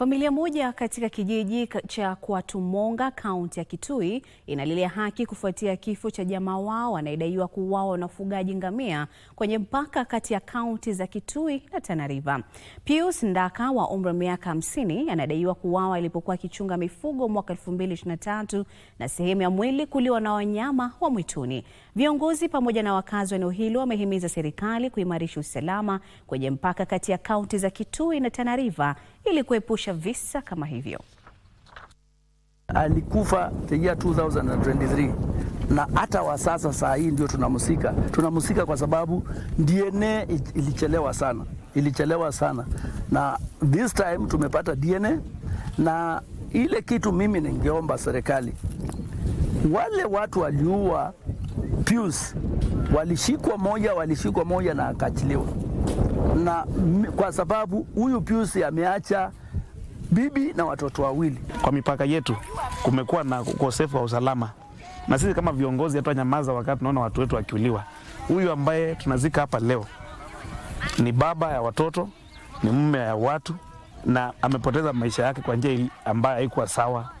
Familia moja katika kijiji cha kwatumonga kaunti ya Kitui inalilia haki kufuatia kifo cha jamaa wao anayedaiwa kuuawa na ufugaji ngamia kwenye mpaka kati ya kaunti za Kitui na Tana River. Pius Ndaka wa umri wa miaka 50 anadaiwa kuuawa alipokuwa akichunga mifugo mwaka 2023 na sehemu ya mwili kuliwa na wanyama wa mwituni. Viongozi pamoja na wakazi wa eneo hilo wamehimiza serikali kuimarisha usalama kwenye mpaka kati ya kaunti za Kitui na Tana River ili kuepusha kusababisha visa kama hivyo. Alikufa the year 2023 na hata wa sasa saa hii ndio tunamsika, tunamsika kwa sababu DNA ilichelewa sana, ilichelewa sana, na this time tumepata DNA. Na ile kitu mimi ningeomba serikali, wale watu waliua Pius walishikwa moja, walishikwa moja na akaachiliwa, na kwa sababu huyu Pius ameacha bibi na watoto wawili. Kwa mipaka yetu kumekuwa na ukosefu wa usalama, na sisi kama viongozi nyamaza wakati tunaona watu wetu wakiuliwa. Huyu ambaye tunazika hapa leo ni baba ya watoto, ni mume ya watu, na amepoteza maisha yake kwa njia ambayo haikuwa sawa.